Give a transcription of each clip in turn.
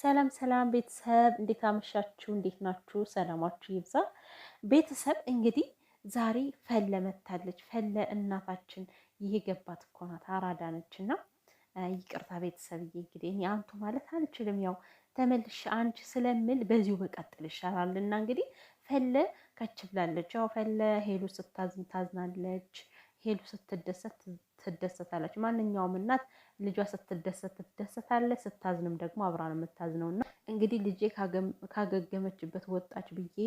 ሰላም ሰላም ቤተሰብ እንዴት አመሻችሁ? እንዴት ናችሁ? ሰላማችሁ ይብዛ። ቤተሰብ እንግዲህ ዛሬ ፈለ መታለች። ፈለ እናታችን ይሄ ገባት እኮ ናት፣ አራዳ ነች። እና ይቅርታ ቤተሰብዬ፣ እንግዲህ እኔ አንቱ ማለት አልችልም። ያው ተመልሽ አንቺ ስለምል በዚሁ በቀጥል ይሻላል። እና እንግዲህ ፈለ ከች ብላለች። ያው ፈለ ሄሉ ስታዝን ታዝናለች ሄሉ ስትደሰት ትደሰታለች። ማንኛውም እናት ልጇ ስትደሰት ትደሰታለች፣ ስታዝንም ደግሞ አብራ ነው የምታዝነው። እና እንግዲህ ልጄ ካገገመችበት ወጣች ብዬ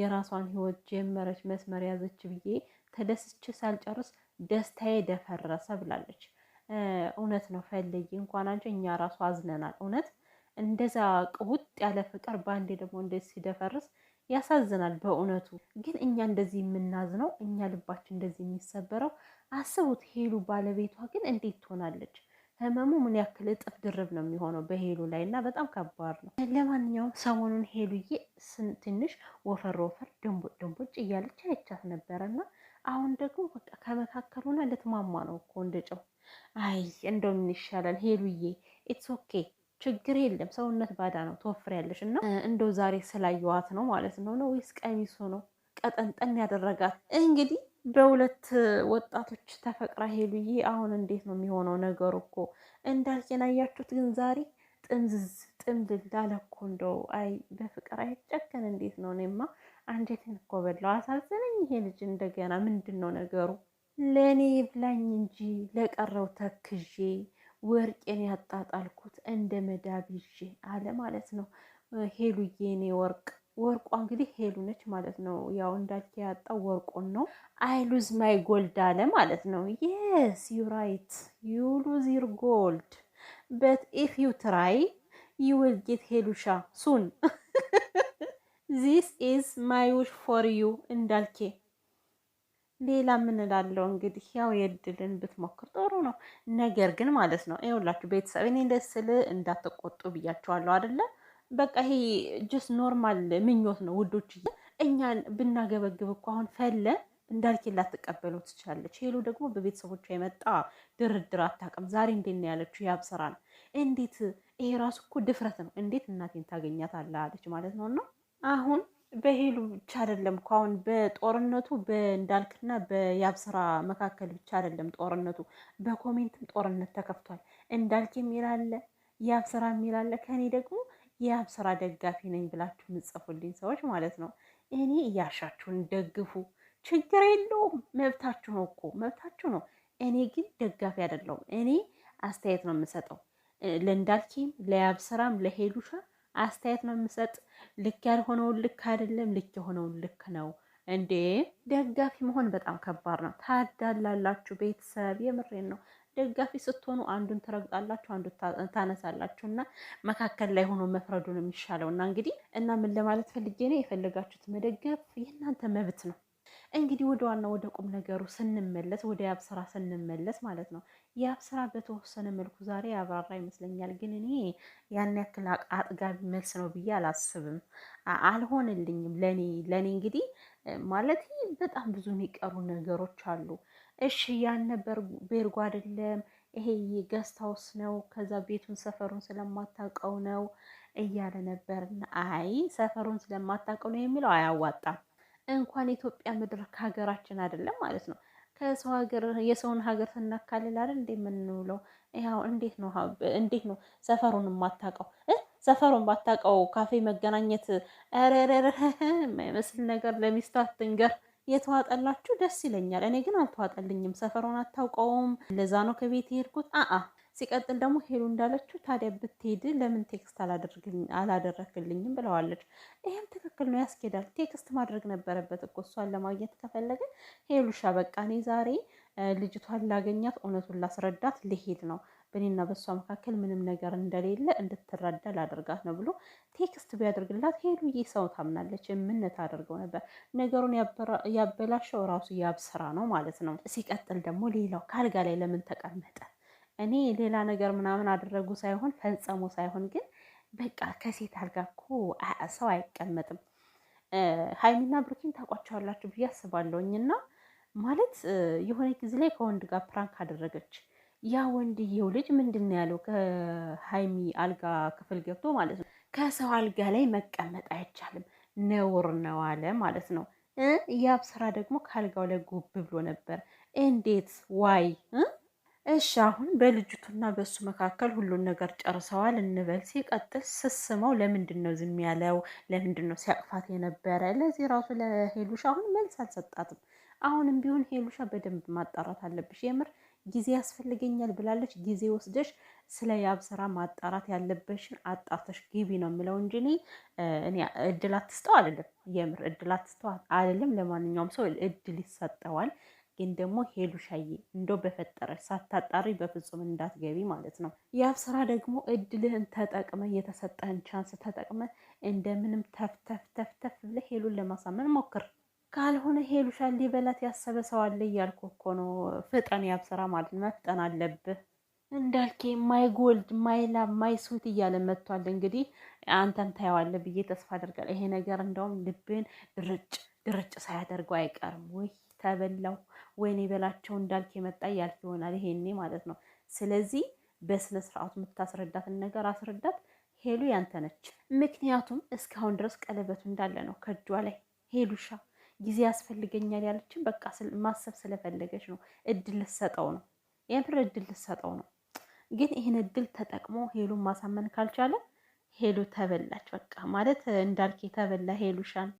የራሷን ህይወት ጀመረች፣ መስመር ያዘች ብዬ ተደስቼ ሳልጨርስ ደስታዬ ደፈረሰ ብላለች። እውነት ነው። ፈለጊ እንኳን አንቺ እኛ ራሱ አዝነናል። እውነት እንደዛ ቅውጥ ያለ ፍቅር በአንዴ ደግሞ እንደ ሲደፈርስ ያሳዝናል። በእውነቱ ግን እኛ እንደዚህ የምናዝነው እኛ ልባችን እንደዚህ የሚሰበረው አስቡት። ሄሉ ባለቤቷ ግን እንዴት ትሆናለች? ህመሙ ምን ያክል እጥፍ ድርብ ነው የሚሆነው በሄሉ ላይ እና በጣም ከባድ ነው። ለማንኛውም ሰሞኑን ሄሉዬ ትንሽ ወፈር ወፈር ድንቦጭ ድንቦጭ እያለች አይቻት ነበረ እና አሁን ደግሞ በቃ ከመካከሉና ልትማማ ነው እኮ እንደጨው። አይ እንደው ምን ይሻላል ሄሉዬ፣ ኢትስ ኦኬ ችግር የለም ሰውነት ባዳ ነው ትወፍሪያለሽ። እና እንደው ዛሬ ስላየዋት ነው ማለት ነው ነው ወይስ ቀሚሱ ነው ቀጠንጠን ያደረጋት? እንግዲህ በሁለት ወጣቶች ተፈቅራ ሄሉዬ፣ አሁን እንዴት ነው የሚሆነው ነገሩ? እኮ አያችሁት? ግን ዛሬ ጥምዝዝ ጥምድል ዳለኮ እንደው አይ በፍቅር አይጨከን። እንዴት ነው እኔማ አንዴትን እኮ በላው አሳዘነኝ። ይሄ ልጅ እንደገና ምንድን ነው ነገሩ? ለእኔ ብላኝ እንጂ ለቀረው ተክዤ ወርቄን ያጣጣልኩት እንደ መዳብ ይዤ አለ ማለት ነው። ሄሉዬ የኔ ወርቅ ወርቋ እንግዲህ ሄሉ ነች ማለት ነው። ያው እንዳልክ ያጣው ወርቁን ነው። አይ ሉዝ ማይ ጎልድ አለ ማለት ነው። የስ ዩ ራይት ዩ ሉዝ ዩር ጎልድ በት ኢፍ ዩ ትራይ ዩ ዊል ጌት ሄሉሻ ሱን ዚስ ኢዝ ማይ ዊሽ ፎር ዩ እንዳልኬ ሌላ ምን እላለሁ እንግዲህ ያው የድልን ብትሞክር ጥሩ ጥሩ ነው። ነገር ግን ማለት ነው ይኸውላችሁ ቤተሰብ እኔ እንደስል እንዳትቆጡ ብያቸዋለሁ አይደለ? በቃ ይሄ ጀስ ኖርማል ምኞት ነው ውዶች። እኛን ብናገበግብ እኮ አሁን ፈለን እንዳልኬ ላትቀበለው ትችላለች። ሄሎ ደግሞ በቤተሰቦቿ የመጣ ድርድር አታውቅም። ዛሬ እንዴት ነው ያለችው? ያብስራ ነው እንዴት ይሄ ራሱ እኮ ድፍረት ነው። እንዴት እናቴን ታገኛታለህ አለች ማለት ነው እና አሁን በሄሉ ብቻ አይደለም እኮ አሁን በጦርነቱ በእንዳልክና በያብስራ መካከል ብቻ አይደለም ጦርነቱ፣ በኮሜንትም ጦርነት ተከፍቷል። እንዳልክ የሚላለ ያብስራ የሚላለ ከኔ ደግሞ የያብስራ ደጋፊ ነኝ ብላችሁ የምጽፉልኝ ሰዎች ማለት ነው። እኔ እያሻችሁን ደግፉ፣ ችግር የለውም መብታችሁ ነው እኮ መብታችሁ ነው። እኔ ግን ደጋፊ አይደለሁም። እኔ አስተያየት ነው የምሰጠው ለእንዳልኪም ለያብስራም ለሄሉሻ አስተያየት ነው የምሰጥ። ልክ ያልሆነውን ልክ አይደለም፣ ልክ የሆነውን ልክ ነው። እንዴ ደጋፊ መሆን በጣም ከባድ ነው። ታዳላላችሁ ቤተሰብ፣ የምሬን ነው። ደጋፊ ስትሆኑ አንዱን ትረግጣላችሁ፣ አንዱን ታነሳላችሁ እና መካከል ላይ ሆኖ መፍረዱ ነው የሚሻለው። እና እንግዲህ እና ምን ለማለት ፈልጌ ነው፣ የፈለጋችሁት መደገፍ የእናንተ መብት ነው። እንግዲህ ወደ ዋና ወደ ቁም ነገሩ ስንመለስ ወደ ያብ ስራ ስንመለስ ማለት ነው ያብ ስራ በተወሰነ መልኩ ዛሬ ያብራራ ይመስለኛል። ግን እኔ ያን ያክል አጥጋቢ መልስ ነው ብዬ አላስብም። አልሆንልኝም ለኔ ለእኔ እንግዲህ ማለት በጣም ብዙ የሚቀሩ ነገሮች አሉ። እሺ ነበር ቤርጎ አይደለም ይሄ ገስት ነው። ከዛ ቤቱን ሰፈሩን ስለማታውቀው ነው እያለ ነበር። አይ ሰፈሩን ስለማታውቀው ነው የሚለው አያዋጣም። እንኳን የኢትዮጵያ ምድር ከሀገራችን አይደለም ማለት ነው ከሰው ሀገር የሰውን ሀገር ስናካልል አይደል እንዴ የምንውለው? ያው እንዴት ነው እንዴት ነው ሰፈሩን የማታውቀው ሰፈሩን ባታውቀው ካፌ መገናኘት ረረረ የማይመስል ነገር ለሚስቱ አትንገር። የተዋጠላችሁ ደስ ይለኛል። እኔ ግን አልተዋጠልኝም። ሰፈሩን አታውቀውም። ለዛ ነው ከቤት የሄድኩት። አአ ሲቀጥል ደግሞ ሄዱ እንዳለችው ታዲያ ብትሄድ ለምን ቴክስት አላደረክልኝም ብለዋለች። ይህም ትክክል ነው፣ ያስኬዳል። ቴክስት ማድረግ ነበረበት እኮ እሷን ለማግኘት ከፈለገ ሄሉሻ፣ በቃ እኔ ዛሬ ልጅቷን ላገኛት፣ እውነቱን ላስረዳት ልሄድ ነው በእኔና በእሷ መካከል ምንም ነገር እንደሌለ እንድትረዳ ላደርጋት ነው ብሎ ቴክስት ቢያደርግላት ይህ ሰው ታምናለች፣ የምነት አደርገው ነበር። ነገሩን ያበላሸው ራሱ ያብስራ ነው ማለት ነው። ሲቀጥል ደግሞ ሌላው ከአልጋ ላይ ለምን ተቀመጠ? እኔ ሌላ ነገር ምናምን አደረጉ ሳይሆን ፈጸሙ ሳይሆን ግን በቃ ከሴት አልጋ እኮ ሰው አይቀመጥም። ሀይሚና ብሩኪን ታውቋቸዋላችሁ ብዬ አስባለሁኝ። እና ማለት የሆነ ጊዜ ላይ ከወንድ ጋር ፕራንክ አደረገች። ያ ወንድየው ልጅ ምንድን ነው ያለው? ከሀይሚ አልጋ ክፍል ገብቶ ማለት ነው ከሰው አልጋ ላይ መቀመጥ አይቻልም ነውር ነው አለ ማለት ነው። ያብ ስራ ደግሞ ከአልጋው ላይ ጉብ ብሎ ነበር። እንዴት ዋይ እሺ አሁን በልጅቱና በእሱ መካከል ሁሉን ነገር ጨርሰዋል እንበል። ሲቀጥል ስስመው ለምንድን ነው ዝም ያለው? ለምንድን ነው ሲያቅፋት የነበረ? ለዚህ ራሱ ለሄሉሻ አሁን መልስ አልሰጣትም። አሁንም ቢሆን ሄሉሻ በደንብ ማጣራት አለብሽ። የምር ጊዜ ያስፈልገኛል ብላለች። ጊዜ ወስደሽ ስለ ያብ ስራ ማጣራት ያለበሽን አጣርተሽ ግቢ ነው የምለው እንጂ እኔ እድል አትስጠው አይደለም። የምር እድል አትስጠው አይደለም። ለማንኛውም ሰው እድል ይሰጠዋል። ግን ደግሞ ሄሉሻዬ እንደው በፈጠረች ሳታጣሪ በፍጹም እንዳትገቢ ማለት ነው። ስራ ደግሞ እድልህን ተጠቅመ የተሰጠህን ቻንስ ተጠቅመ እንደምንም ተፍተፍ ተፍተፍ ብለህ ሄሉን ለማሳመን ሞክር። ካልሆነ ሄሉሻ ሊበላት ያሰበ ሰው አለ እያልኩ እኮ ነው። ፍጠን፣ የአብስራ ማለት መፍጠን አለብህ። እንዳልኬ ማይ ጎልድ ማይ ላብ ማይ ስዊት እያለ መጥቷል። እንግዲህ አንተን ታየዋለህ ብዬ ተስፋ አደርጋለሁ። ይሄ ነገር እንደውም ልብን ድርጭ ድርጭ ሳያደርገው አይቀርም ወይ ተበላው ወይኔ በላቸው እንዳልክ የመጣ ያልክ ይሆናል ይሄኔ ማለት ነው። ስለዚህ በስነ ስርዓቱ የምታስረዳትን ነገር አስረዳት። ሄሉ ያንተ ነች። ምክንያቱም እስካሁን ድረስ ቀለበቱ እንዳለ ነው ከእጇ ላይ ሄሉሻ ጊዜ ያስፈልገኛል ያለችን በቃ ማሰብ ስለፈለገች ነው። እድል ልሰጠው ነው የምር እድል ልሰጠው ነው። ግን ይህን እድል ተጠቅሞ ሄሉን ማሳመን ካልቻለ ሄሉ ተበላች። በቃ ማለት እንዳልክ የተበላ ሄሉሻን